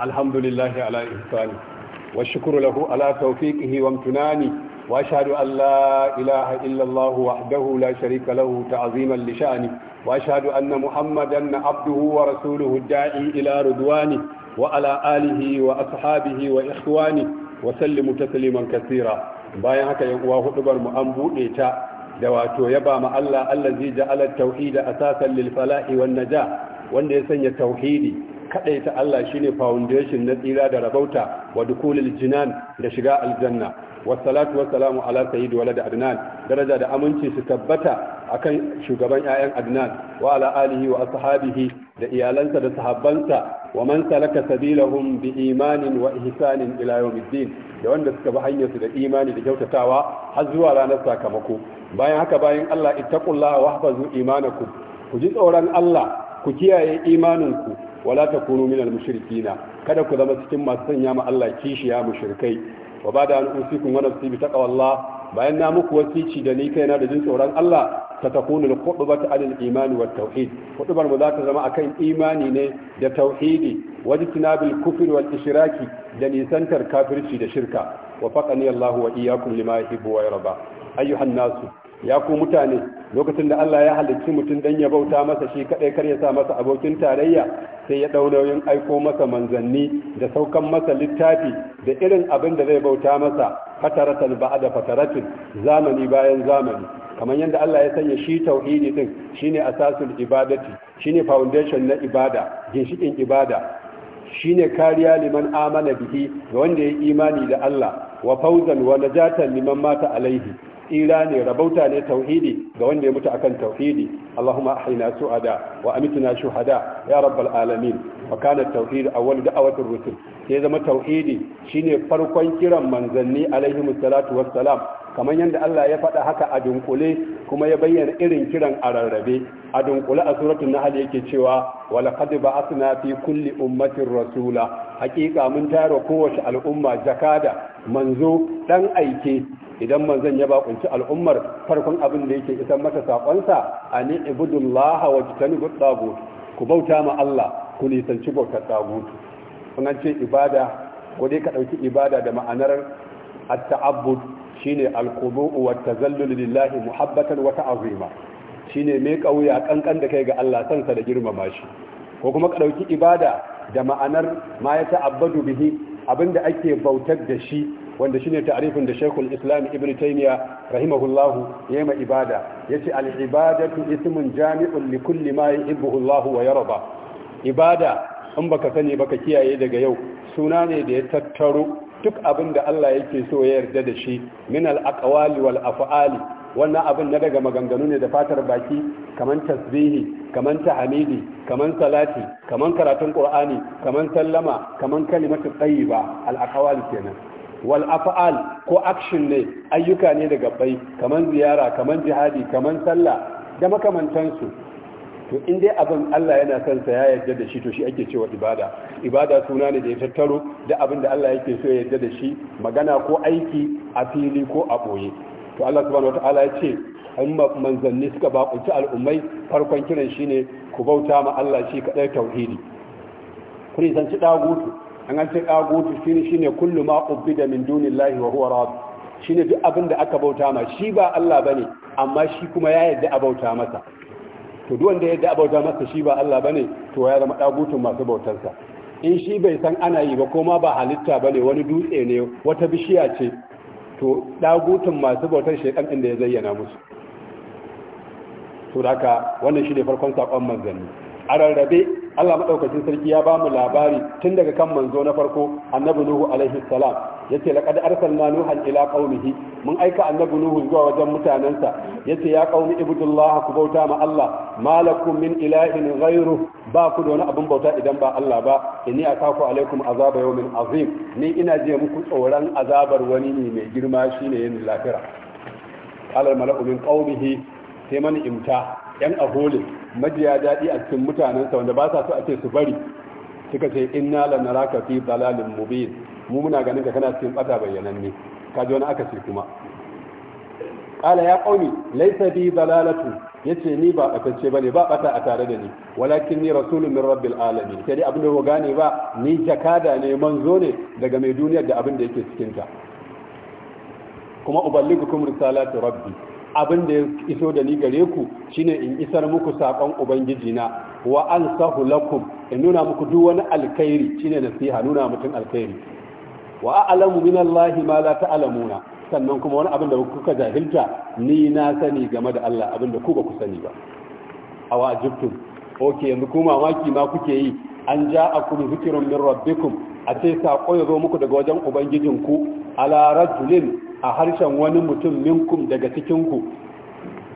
alhamdulillahi ala wa Shukrulahu lahu ala tawfiqihi wa imtinani wa ashhadu an la ilaha la sharika lahu ta'ziman li sha'ni wa ashhadu anna Muhammadan abduhu wa rasuluhu da'i ila ridwani wa ala wa ashabihi wa ikhwani wa sallimu tasliman katsira bayan haka yan uwa hudubar an bude ta da wato ya ba ma Allah Allah zai at-tauhid asasan lil falahi wan najah wanda ya sanya tauhidi kadaita Allah shine foundation na tsira da rabauta wa dukulil jinan da shiga aljanna wassalatu wassalamu ala sayyid walad adnan daraja da aminci su tabbata akan shugaban ƴaƴan adnan wa ala alihi wa ashabihi da iyalansa da sahabbansa wa man salaka sabilahum bi imanin wa ihsanin ila yawmiddin da wanda suka bi hanyar su da imani da kyautatawa har zuwa ranar sakamako bayan haka bayan Allah ittaqullaha wahfazu imanakum ku ji tsoron Allah ku kiyaye imaninku wala takunu minal mushrikina kada ku zama cikin masu sanya ma Allah kishiya mushrikai wa da an usikum wa nafsi bi taqwallah bayan na muku wasici da ni kaina da jin tsoron Allah ta takunu al-khutbatu alal iman wa tauhid khutbar mu za ta zama akan imani ne da tauhidi wa jitnabil kufr wal ishraki da nisantar kafirci da shirka wa faqani Allah wa iyyakum lima yuhibbu wa yarda ayyuhan nasu ya ku mutane lokacin da Allah ya halicci mutum dan ya bauta masa shi kadai kar ya sa masa abokin tarayya sai ya ɗau nauyin aiko masa manzanni da saukan masa littafi da irin abin da zai bauta masa fataratan ba da fataratin zamani bayan zamani kamar yadda Allah ya sanya shi tauhidi din shine asasul ibadati shine foundation na ibada ginshikin ibada shine kariya liman amana bihi ga wanda ya imani da Allah wa fawzan wa najatan liman mata alaihi tsira ne rabauta ne tauhidi ga wanda ya mutu akan tauhidi Allahumma ahina su'ada wa amitna shuhada ya rabbal alamin wa kana tauhid awwal da'awatir rusul sai zama tauhidi shine farkon kiran manzanni alaihi musallatu wassalam kamar yadda Allah ya faɗa haka a dunkule kuma ya bayyana irin kiran a rarrabe a dunkule a suratul nahl yake cewa wala qad ba'athna fi kulli ummatin rasula haƙiƙa mun tara kowace al'umma jakada manzo dan aike idan manzon ya bakunci al'ummar farkon abin da yake isan mata sakonsa ani ibudullaha wa tajtanibut ku bauta ma Allah ku nisanci bautar tagut sunance ibada ko dai ka ɗauki ibada da ma'anar at-ta'abbud shine al-qudu wa tazallul lillahi muhabbatan wa ta'zima shine mai kauya kankan da kai ga Allah sansa da girmama shi ko kuma ka ɗauki ibada da ma'anar ma ya ta'abbadu bihi abinda ake bautar da shi wanda shine ta'rifin da Sheikhul Islam Ibn Taymiyyah rahimahullahu yayi ma ibada yace al-ibadatu ismun jami'un li kulli ma yuhibbu Allah wa yarda ibada in baka sani ba ka kiyaye daga yau suna ne da ya tattaro duk abin da Allah yake so ya yarda da shi min al-aqwali wal af'ali wannan abin na daga maganganu ne da fatar baki kaman tasbihi kaman tahmidi kaman salati kaman karatun qur'ani kaman sallama kaman kalimatu tayyiba al-aqwali kenan wal af'al ko action ne ayyuka ne daga bai kaman ziyara kaman jihadi kaman sallah da makamantansu to in dai abin Allah yana son sa ya yarda da shi to shi ake cewa ibada ibada suna ne da ya tattaro da abin da Allah yake so ya yarda da shi magana ko aiki a fili ko a boye to Allah subhanahu wataala ya ce in manzanni suka bakunci al'ummai farkon kiran shine ku bauta ma Allah shi kadai tauhidi ku nisanci dagutu an an ce dagutu shine shine kullu ma ubbida min dunillahi wa huwa rabb shine duk abin da aka bauta ma shi ba Allah bane amma shi kuma ya yarda a bauta masa to duk wanda yadda abauta masa shi ba Allah bane to ya zama dagutun masu bautarsa in shi bai san ana yi ba ko ma ba halitta bane wani dutse ne wata bishiya ce to dagutun masu bautar shaytan din da ya zayyana musu to haka wannan shi ne farkon sakon manzanni a rarrabe Allah madaukakin sarki ya bamu labari tun daga kan manzo na farko annabi nuhu alaihi salam yace laqad arsalna nuhan ila qaumihi mun aika annabi nuhu zuwa wajen mutanansa yace ya qaumi ibudullah ku bauta ma Allah malakum min ilahin ghairu ba ku da wani abin bauta idan ba Allah ba inni akafu alaikum azaba yawmin azim ni ina je muku tsoron azabar wani ne mai girma shine yin lafira qala al mala'u min qaumihi sai mani imta yan aholin majiya daɗi a cikin mutanensa wanda ba sa su a ce su bari suka ce inna la naraka fi dalalin mubin mu muna ganin ka kana cikin bata bayyananne ji wani aka ce kuma qala ya qaumi laysa bi dalalatu yace ni ba batacce bane ba bata a tare da ni walakin ni rasulun min rabbil alamin sai abin da gane ba ni jakada ne manzo ne daga mai duniyar da abin da yake cikin ta kuma uballighukum risalati rabbi abin da ya iso da ni gare ku shine in isar muku saƙon ubangiji na wa sahu lakum in nuna muku duk wani alkhairi shine nasiha nuna mutum alkhairi wa a'lamu minallahi ma la ta'lamuna sannan kuma wani abin da kuka jahilta ni na sani game da Allah abin da ku ba ku sani ba awa ajibtum okay yanzu ku mamaki ma kuke yi an ja'akum zikrun min rabbikum a ce sako ya zo muku daga wajen ubangijinku ala rajulin a harshen wani mutum minkum daga cikinku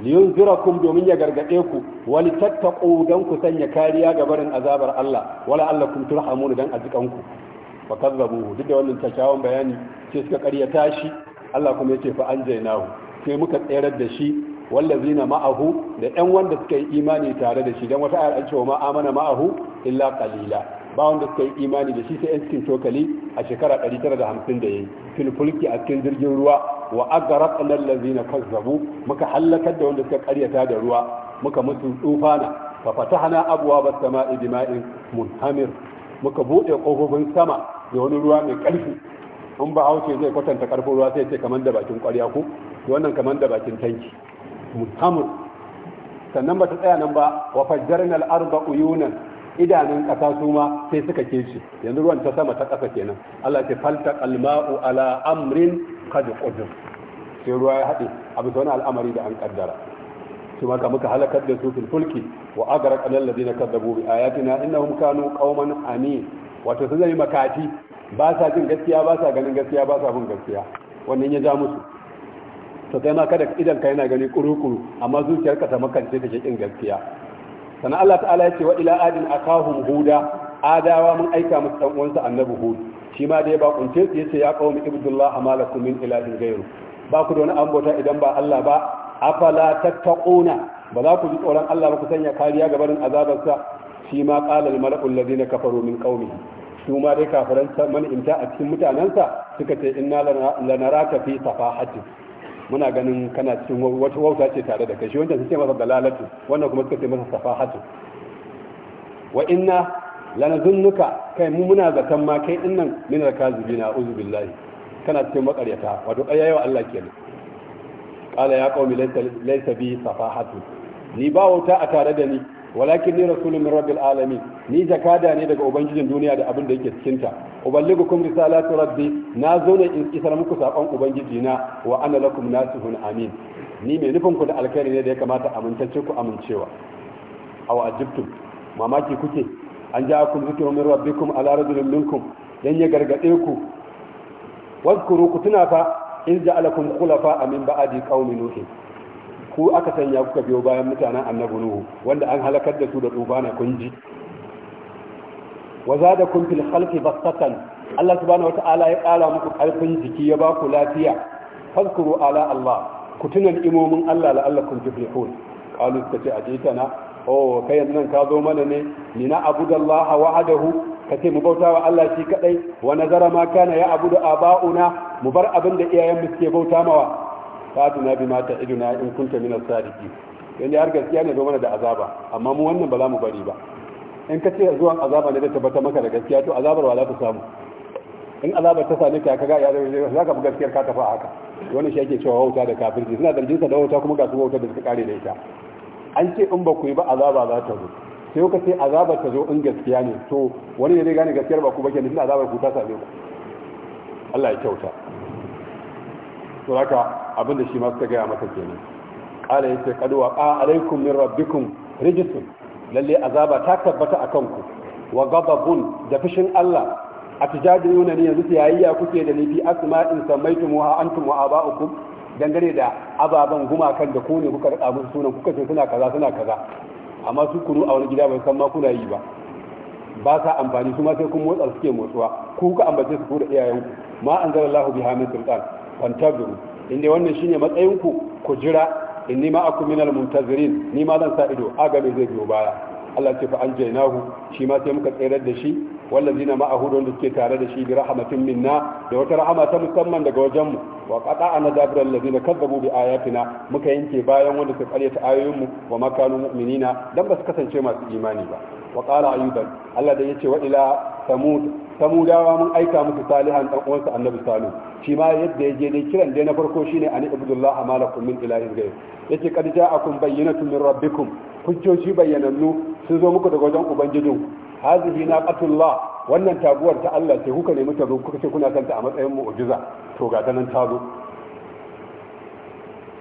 liyun kun domin ya gargaɗe ku wani tattaƙo don ku sanya kariya ga barin azabar Allah wala Allah kun turhamuna don azikanku fa kazzabu duk da wannan kyakkyawan bayani ce suka ta shi Allah kuma ya ce fa an nahu sai muka tsayar da shi zina ma'ahu da yan wanda suka yi imani tare da shi don wata ayar an ce wa ma'ahu illa kalila ba wanda suka yi imani da shi sai yan cikin cokali a shekara 950 da yayi fil fulki a cikin jirgin ruwa wa aghraqna allazina kazzabu muka halakar da wanda suka karyata da ruwa muka mutu tsufana fa fatahna ba as-sama'i bima'in munhamir muka bude kofofin sama da wani ruwa mai karfi in ba hauce zai kwatanta karfin ruwa sai ce kamar da bakin kwarya ku wannan kamar da bakin tanki munhamir sannan ba ta tsaya nan ba wa fajjarna arda uyunan idanun ƙasa su ma sai suka kece yanzu ruwan ta sama ta ƙasa kenan Allah ce falta alma'u ala amrin qad qadir sai ruwa ya haɗe a bisa al'amari da an kaddara su maka muka halakar da su fil fulki wa agara qalal ladina kadzabu bi ayatina innahum kanu qauman ani wato sun zai makati ba sa jin gaskiya ba sa ganin gaskiya ba sa bin gaskiya wannan ya ja musu to kai ma kada idan ka yana gani kuru-kuru amma zuciyarka ta makance take kin gaskiya sana Allah ta'ala ya ce wa ila adin akahum huda adawa mun aika musu dan uwansa annabi hud shi ma da ya ba su yace ya qaumi ibdullah malakum min ilahin ghayru ba ku da wani ambota idan ba Allah ba afala tattaquna ba za ku ji tsoron Allah ba ku sanya kariya ga barin azabarsa shi ma qala al mala'u alladhina kafaru min qaumihi su ma dai kafiran man'imta a cikin mutanensa suka ce inna lanaraka fi safahatin muna ganin kana cikin wata wauta ce tare da kai shi wanda suke masa dalalatu wannan kuma suka ce masa safahatu wa inna lanazunnuka kai mu muna zaton ma kai dinnan min alkazibina uzu billahi kana cikin makaryata wato ayyawa Allah kenan qala ya qaumi laysa bi safahatu ni ba wauta a tare da ni walakin ni rasulun min rabbil alamin ni jakada ne daga ubangijin duniya da abin da yake cikin ta uballighukum risalatu rabbi na zo ne in isar muku sakon ubangiji na wa ana lakum nasihun amin ni mai nufin ku da alkhairi ne da ya kamata amintacce ku amincewa aw ajibtum mamaki kuke an ja ja'akum zikrun min rabbikum ala rajulin minkum dan ya gargade ku wazkuru ku tuna fa in ja'alakum khulafa min ba'di qaumi nuhin ku aka sanya kuka biyo bayan mutanen annabi nuhu wanda an halakar da su da tufana Waza da zadakum fil khalqi bastatan Allah subhanahu wata'ala ya ƙara muku ƙarfin jiki ya ba ku lafiya fadkuru ala Allah ku tuna imomin Allah la'allakum tuflihun qalu ka ce ajitana oh kai yanzu nan ka zo mana ne ni na abudallaha wahdahu kace mu bauta wa Allah shi kadai wa nazara ma kana ya abudu abauna mu bar abin da iyayen mu suke bauta mawa fa'atuna mata iduna in kunta min as-sadiqin har gaskiya ne domin mana da azaba amma mu wannan ba za mu bari ba in ka ce zuwan azaba ne zai tabbata maka da gaskiya to azabar wala ta samu in azabar ta same ka kaga ya za ka bi gaskiyar ka tafi haka wannan shi yake cewa wauta da kafirci suna da jinsa da wauta kuma ga su wauta da suka kare da ita an ce in ba ku yi ba azaba za ta zo sai ka ce azabar ta zo in gaskiya ne to wani ne zai gane gaskiyar ba ku ba suna azabar ku ta same ku Allah ya kyauta to abinda abin da shi masu gaya masa kenan ya ce qad waqa alaykum min rabbikum rijsun lalle azaba ta tabbata a ku wa ghadabun da fushin Allah a tijadiyuna ne yanzu yayiya kuke da lifi asma'in sammaitumuha antum ba uku. dangane da ababen gumakan da ku ne kuka rada musu sunan kuka ce suna kaza suna kaza amma su kunu a wani gida bai san ma kuna yi ba ba sa amfani su ma sai kun motsa suke motsuwa ku kuka ambace su ku da iyayenku ma anzalallahu bi min sultan fantabiru inda wannan shine matsayin ku jira inni ma aku minal muntazirin ni ma zan sa ido aga me zai biyo baya Allah ce fa anjaynahu shi ma sai muka tsayar da shi wallazina ma ahudu da suke tare da shi bi rahmatin minna da wata rahama ta musamman daga wajen mu wa qata an dabira allazina kazzabu bi ayatina muka yanke bayan wanda suka karyata ayoyin mu wa makanu mu'minina dan ba su kasance masu imani ba wa qala ayyuban Allah da ce wa ila samud samudawa mun aika musu salihan dan uwansa annabi salihu shi ma yadda ya je dai kiran dai na farko shine an ibdullah amalakum min ilahin ghayr yace kad ja'akum bayyinatun min rabbikum hujjoji bayyanannu sun zo muku daga wajen ubangijin hazihi naqatullah wannan taguwar ta Allah ce kuka nemi ta zo kuka ce kuna kanta a matsayin mu'jiza to ga ta nan ta zo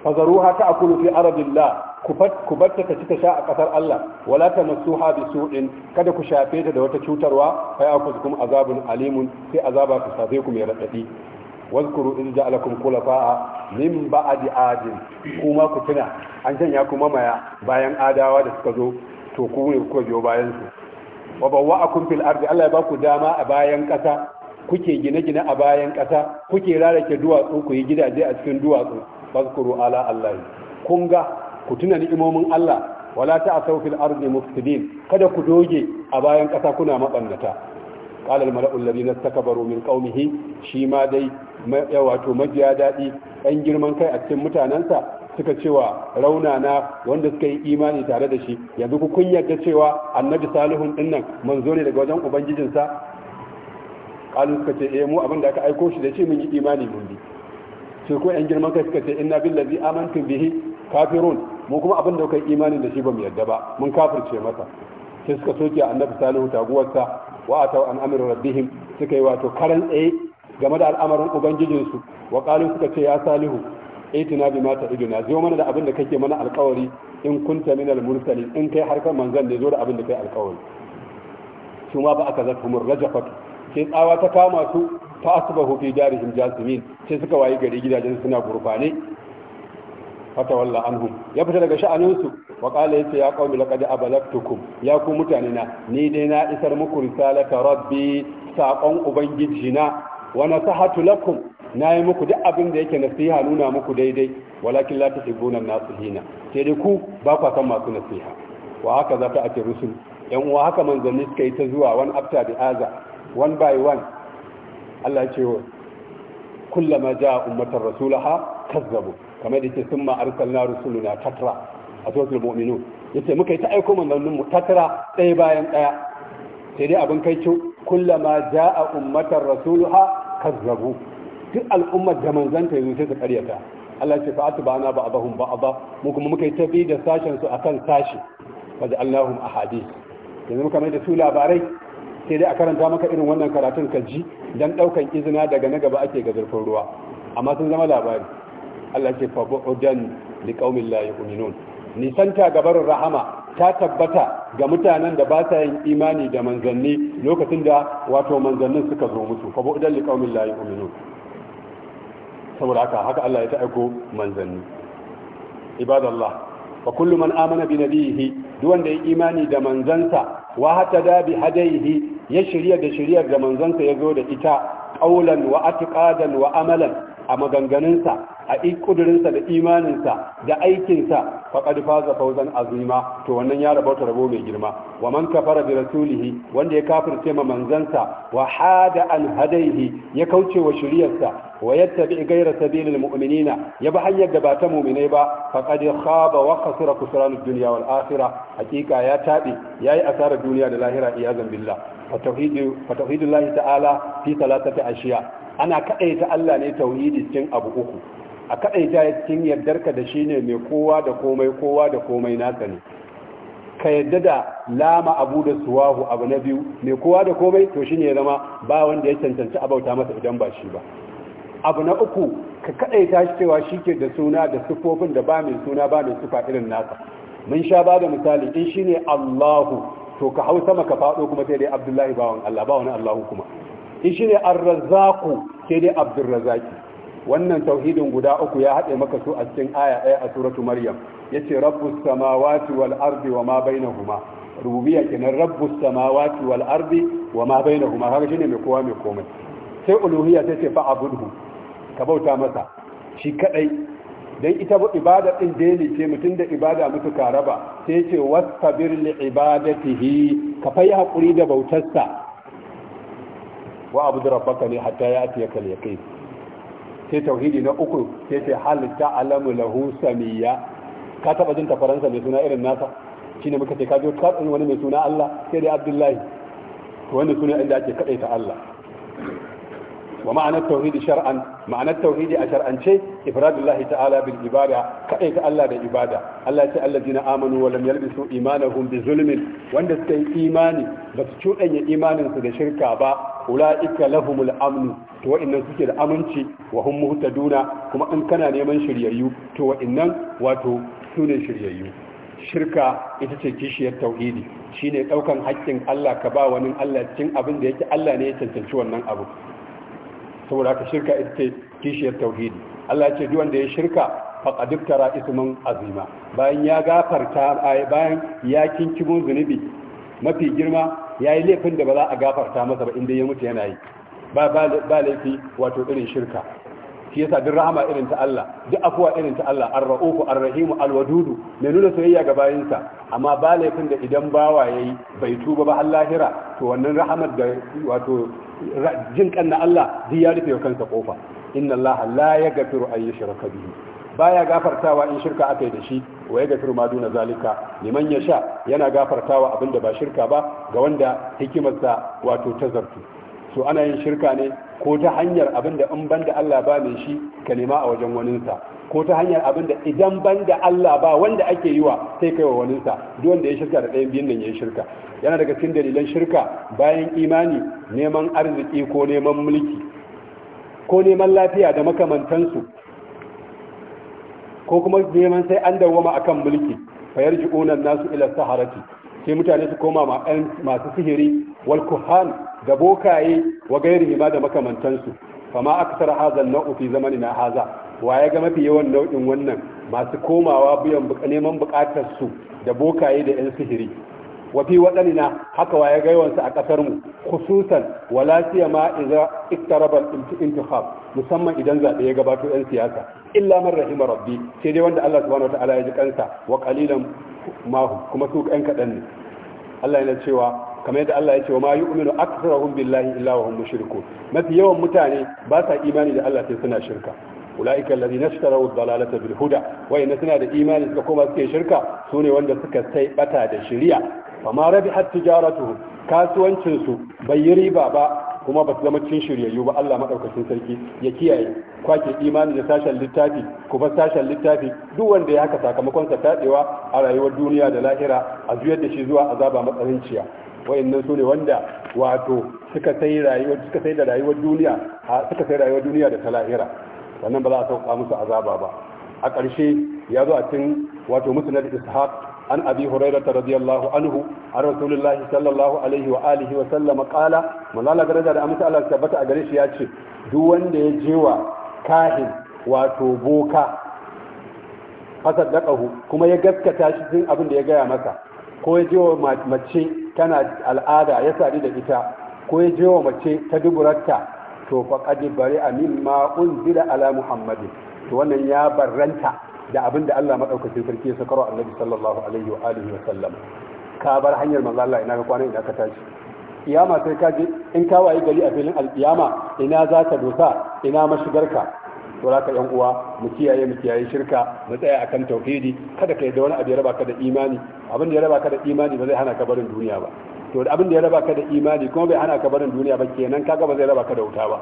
fazaruha ta'kulu fi ardillah ku barta ta ci ta sha a kasar Allah wala ta masuha bi su'in kada ku shafe ta da wata cutarwa fa ya kuma azabun alimun sai azaba ku sabe ku mai radadi in ja alakum جعلكم min ba'di بعد kuma ku tuna an janya kuma maya bayan adawa da suka zo to ku ne ku biyo bayan su wa bawwa'akum fil ardi Allah ya baku dama a bayan kasa kuke gine-gine a bayan kasa kuke rarake duwatsu ku yi gidaje a cikin duwatsu wazkuru ala Allah kun ga ku tuna ni'imomin Allah wala ta'asaw fil ardi mufsidin kada ku doge a bayan kasa kuna mabannata قال الملأ الذين استكبروا من قومه qaumihi shi ma dai wato majiya dadi ɗan girman kai a cikin mutanensa suka cewa raunana wanda suka yi imani tare da shi yanzu ku kun yarda cewa annabi salihun nan manzo ne daga wajen ubangijinsa kalu suka ce eh mu abin da aka aiko shi da shi mun yi imani mun bi sai ko yan girman kai suka ce inna billazi amantum bihi kafirun mu kuma abin da kai imani da shi ba mu yarda ba mun kafirce masa sai suka soke annabi salihu taguwarsa wa atau an amir rabbihim suka yi wato karan tsaye game da al'amarin ubangijinsu wa qalu suka ce ya salihu tunabi bi ma ta'iduna zo mana da abin da kake mana alƙawari in kunta min al-mursalin in kai harkar manzan ne zo da abin da kai alƙawari su ma ba aka zata humur rajafat sai tsawa ta kama su ta asbahu fi darihim jasimin sai suka wayi gari gidajen suna gurbane fata walla anhum ya fita daga sha'aninsu wa qala yace ya qaumi laqad abalagtukum ya ku mutane na ni dai na isar muku risalata rabbi saƙon ubangiji na wa nasahatu lakum nayi muku duk abin da yake nasiha nuna muku daidai walakin la tuhibbuna nasihina sai dai ku ba ku san masu nasiha wa haka za ta ake rusul yan uwa haka manzanni suka yi ta zuwa wani after the other one by one Allah ya ce kullama ja'a ummatar rasulaha kazzabu kamar da ce sun na arsalna rusuluna tatra a suratul mu'minun yace muka yi ta aiko manzannin mu tatra ɗaya bayan ɗaya sai dai abin kai ce kullama ja'a ummatar kan kazzabu duk al'ummar da manzanta yanzu sai su karyata Allah ce fa atba'ana ba'dahum ba'dha mu kuma muka yi tabi da sashen su akan sashi fa ja'alnahum ahadith yanzu muka mai da su labarai sai dai a karanta maka irin wannan karatun ka ji dan daukan izina daga na gaba ake ga zurfin ruwa amma sun zama labari Allah ce fa bu'dan liqaumin la yu'minun ta gabarin rahama ta tabbata ga mutanen da ba sa yin imani da manzanni lokacin da wato manzannin suka zo musu fa bu'dan liqaumin la yu'minun saboda haka haka Allah ya ta aiko manzanni ibadallah fa kullu man amana bi nabihi duk wanda ya imani da manzansa wa hatada bi hadaihi ya shirya da shiryar da manzansa ya zo da ita qaulan wa atqadan wa amalan a maganganunsa a ƙudurinsa da imaninsa da aikinsa faƙad faza fauzan azima to wannan ya rabauta rabo mai girma wa man kafara bi rasulihi wanda ya kafirce ma manzansa wa hada an hadaihi ya kauce wa shiriyarsa wa yattabi ghayra sabilil mu'minina ya bi hanyar da ba ta mu'minai ba faqad khaba wa khasira khusran dunya wal akhirah hakika ya tabi yayi asarar duniya da lahira iyazan billah fa tauhidu ta'ala fi salatati ashiya ana ta Allah ne tauhidi cikin abu uku a kaɗaita yi cikin yardarka da shi ne mai kowa da komai kowa da komai nasa ne ka yadda da lama abu da suwahu abu na biyu mai kowa da komai to shi ne ya zama ba wanda ya cancanci abauta masa idan ba shi ba abu na uku ka kaɗaita shi cewa shi ke da suna da sufofin da ba mai suna ba mai sufa irin nasa mun sha ba da misali in shi ne allahu to ka hau sama ka faɗo kuma sai dai abdullahi ba wani allahu kuma in shi ne arrazaku sai dai abdurrazaki wannan tauhidin guda uku ya haɗe maka su a cikin aya ɗaya a suratu maryam yace rabbus samawati wal ardi wa ma bainahuma rububiyya kenan rabbus samawati wal ardi wa ma bainahuma haka shine mai kowa mai komai sai uluhiyya tace fa abudhu ka bauta masa shi kadai dan ita ibada din dai ce mutum da ibada mutu ka raba sai yace wasabir li ibadatihi ka fa hakuri da bautarsa wa abudu rabbaka ne hatta ya al-yaqin sai tauhidi na uku sai ce hal alamu lahu samiyya ka taba jinta faransa mai suna irin nasa shine muka ce ka je ka tsani wani mai suna Allah sai dai Abdullahi to wannan suna inda ake ta Allah wa ma'anar tauhidi shar'an ma'anar tauhidi a shar'ance ifradullahi ta'ala bil ibada kadai ta Allah da ibada Allah ya ce allazina amanu wa lam yalbisu imanahum bi zulmin wanda suka yi imani ba su cuɗanya imanin su da shirka ba ula'ika lahumul amnu to wa'annan suke da aminci wa hum muhtaduna kuma in kana neman shiryayyu to wa'annan wato sune shiryayyu shirka ita ce kishiyar tauhidi shine daukan haƙƙin Allah ka ba wani Allah cikin abin da yake Allah ne ya cancanci wannan abu saboda ka shirka ita ce kishiyar tauhidi Allah ya ce duk wanda ya shirka faƙad iftara ismun azima bayan ya gafarta bayan ya kinkimo zunubi mafi girma ya yi laifin da ba za a gafarta masa ba inda ya mutu yana yi ba laifi wato irin shirka shi yasa duk rahama irin ta Allah duk afuwa irin ta Allah ar-ra'ufu ar-rahimu al-wadudu mai nuna soyayya ga bayinsa amma ba laifin da idan bawa yayi bai tuba ba lahira to wannan rahamar da wato jin kan na Allah duk ya rufe kansa kofa inna Allah la yaghfiru an bihi baya gafartawa in shirka aka yi da shi wa yaghfiru ma duna zalika liman yasha yana gafartawa abinda ba shirka ba ga wanda hikimarsa wato ta zartu so ana yin shirka ne ko ta hanyar abinda in banda Allah ba ne shi ka nema a wajen waninsa ko ta hanyar abinda idan banda Allah ba wanda ake yiwa sai kai wa waninsa duk wanda ya shirka da ɗayan biyun nan ya yi shirka yana daga cikin dalilan shirka bayan imani neman arziki ko neman mulki ko neman lafiya da makamantansu ko kuma neman sai an dawwama akan mulki fayar ji'unan nasu ila saharati sai mutane su koma masu sihiri wal kuhan da bokaye wa gairi ma da makamantansu fama aksar hazan nau'u fi na haza wa ya ga mafi yawan nau'in wannan masu komawa biyan neman bukatar su da bokaye da yan sihiri wa fi haka wa ya ga yawan su a kasar mu khususan walasiya siyama idza iktaraba al musamman idan zaɓe ya gabato 'yan siyasa illa man rahima rabbi sai dai wanda Allah subhanahu wataala ya ji kansa wa qalilan mahu kuma su ƴan kaɗan ne Allah yana cewa kamar yadda Allah ya ce wa ma yu'minu aktharuhum billahi illa wa hum mushrikun mafi yawan mutane ba sa imani da Allah sai suna shirka ulaika alladhina ishtaraw ad-dalalata bil huda wa inna suna da imani suka koma suke shirka sune wanda suka sai bata da shari'a fa ma rabihat tijaratuhum kasuwancin su bai yi riba ba kuma ba su zama cin shiryayyu ba Allah maɗaukacin sarki ya kiyaye kwake imani da sashen littafi ku bar sashen littafi duk wanda ya haka sakamakon sa tadewa a rayuwar duniya da lahira a juyar da shi zuwa azaba matsalinciya wayannan su ne wanda wato suka sai rayuwar suka sai da rayuwar duniya suka sai rayuwar duniya da ta lahira wannan ba za a sauka musu azaba ba a ƙarshe ya zo a cikin wato musnad ishaq عن أبي هريرة رضي الله عنه عن رسول الله صلى الله عليه وآله وسلم قال من الله قرد أمس على ثبت أجريش ياتي دون جوا كاهن وتوبوكا فصدقه كما يقفك تاشي أبن يقيا مسا ko ya je wa mace tana al'ada ya sadu da ita ko ya je wa mace ta duburarta to faqad bari amin ma unzila ala muhammadin to wannan ya barranta da abin da Allah madaukakin sarki ya sakarwa annabi sallallahu alaihi wa alihi wa sallam ka bar hanyar manzo Allah ina ka kwana ina ka tashi kiyama sai ka je in ka wayi gari a filin alkiyama ina za ka dosa ina mashigarka to za ka yan uwa mu kiyaye mu kiyaye shirka mu tsaya akan tauhidi kada ka da wani abu ya raba ka da imani abin da ya raba ka da imani ba zai hana ka barin duniya ba to abin da ya raba ka da imani kuma bai hana ka barin duniya ba kenan kaga ba zai raba ka da wuta ba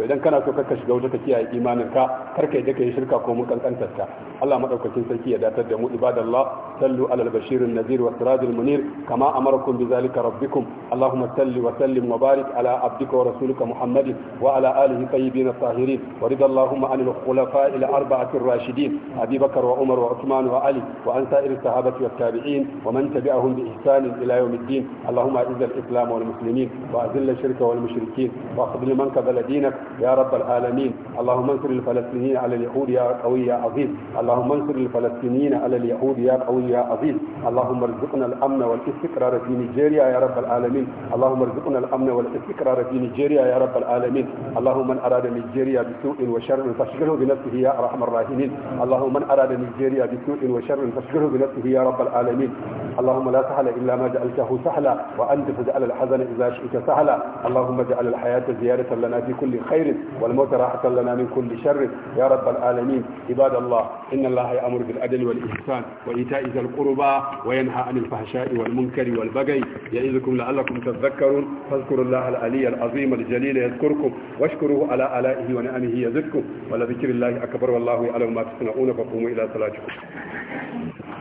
to idan kana so ka shiga wuta ka kiyaye imanin ka kar ka yadda ka yi shirka ko mun kankantar ta Allah madaukakin sarki ya datar da mu ibadallah صلوا على البشير النذير والسراج المنير كما أمركم بذلك ربكم اللهم صل وسلم وبارك على عبدك ورسولك محمد وعلى آله الطيبين الطاهرين ورد اللهم عن الخلفاء الأربعة الراشدين أبي بكر وعمر وعثمان وعلي وعن سائر الصحابة والتابعين ومن تبعهم بإحسان إلى يوم الدين اللهم أعز الإسلام والمسلمين وأذل الشرك والمشركين واخذل لمن كذل دينك يا رب العالمين اللهم انصر الفلسطينيين على اليهود يا قوي يا عظيم اللهم انصر الفلسطينيين على اليهود يا قوي يا عظيم اللهم ارزقنا الامن والاستقرار في نيجيريا يا رب العالمين اللهم ارزقنا الامن والاستقرار في نيجيريا يا رب العالمين اللهم من اراد نيجيريا بسوء وشر فاشغله بنفسه يا ارحم الراحمين اللهم من اراد نيجيريا بسوء وشر فاشغله بنفسه يا رب العالمين اللهم لا سهل الا ما جعلته سهلا وانت تجعل الحزن اذا شئت سهلا اللهم اجعل الحياه زياده لنا في كل خير والموت راحه لنا من كل شر يا رب العالمين عباد الله ان الله يامر بالعدل والاحسان وايتاء ذي القربى وينهى عن الفحشاء والمنكر والبغي يعظكم لعلكم تذكرون فاذكروا الله العلي العظيم الجليل يذكركم واشكروه على آلائه ونعمه يزدكم ولذكر الله أكبر والله يعلم ما تصنعون فقوموا إلى صلاتكم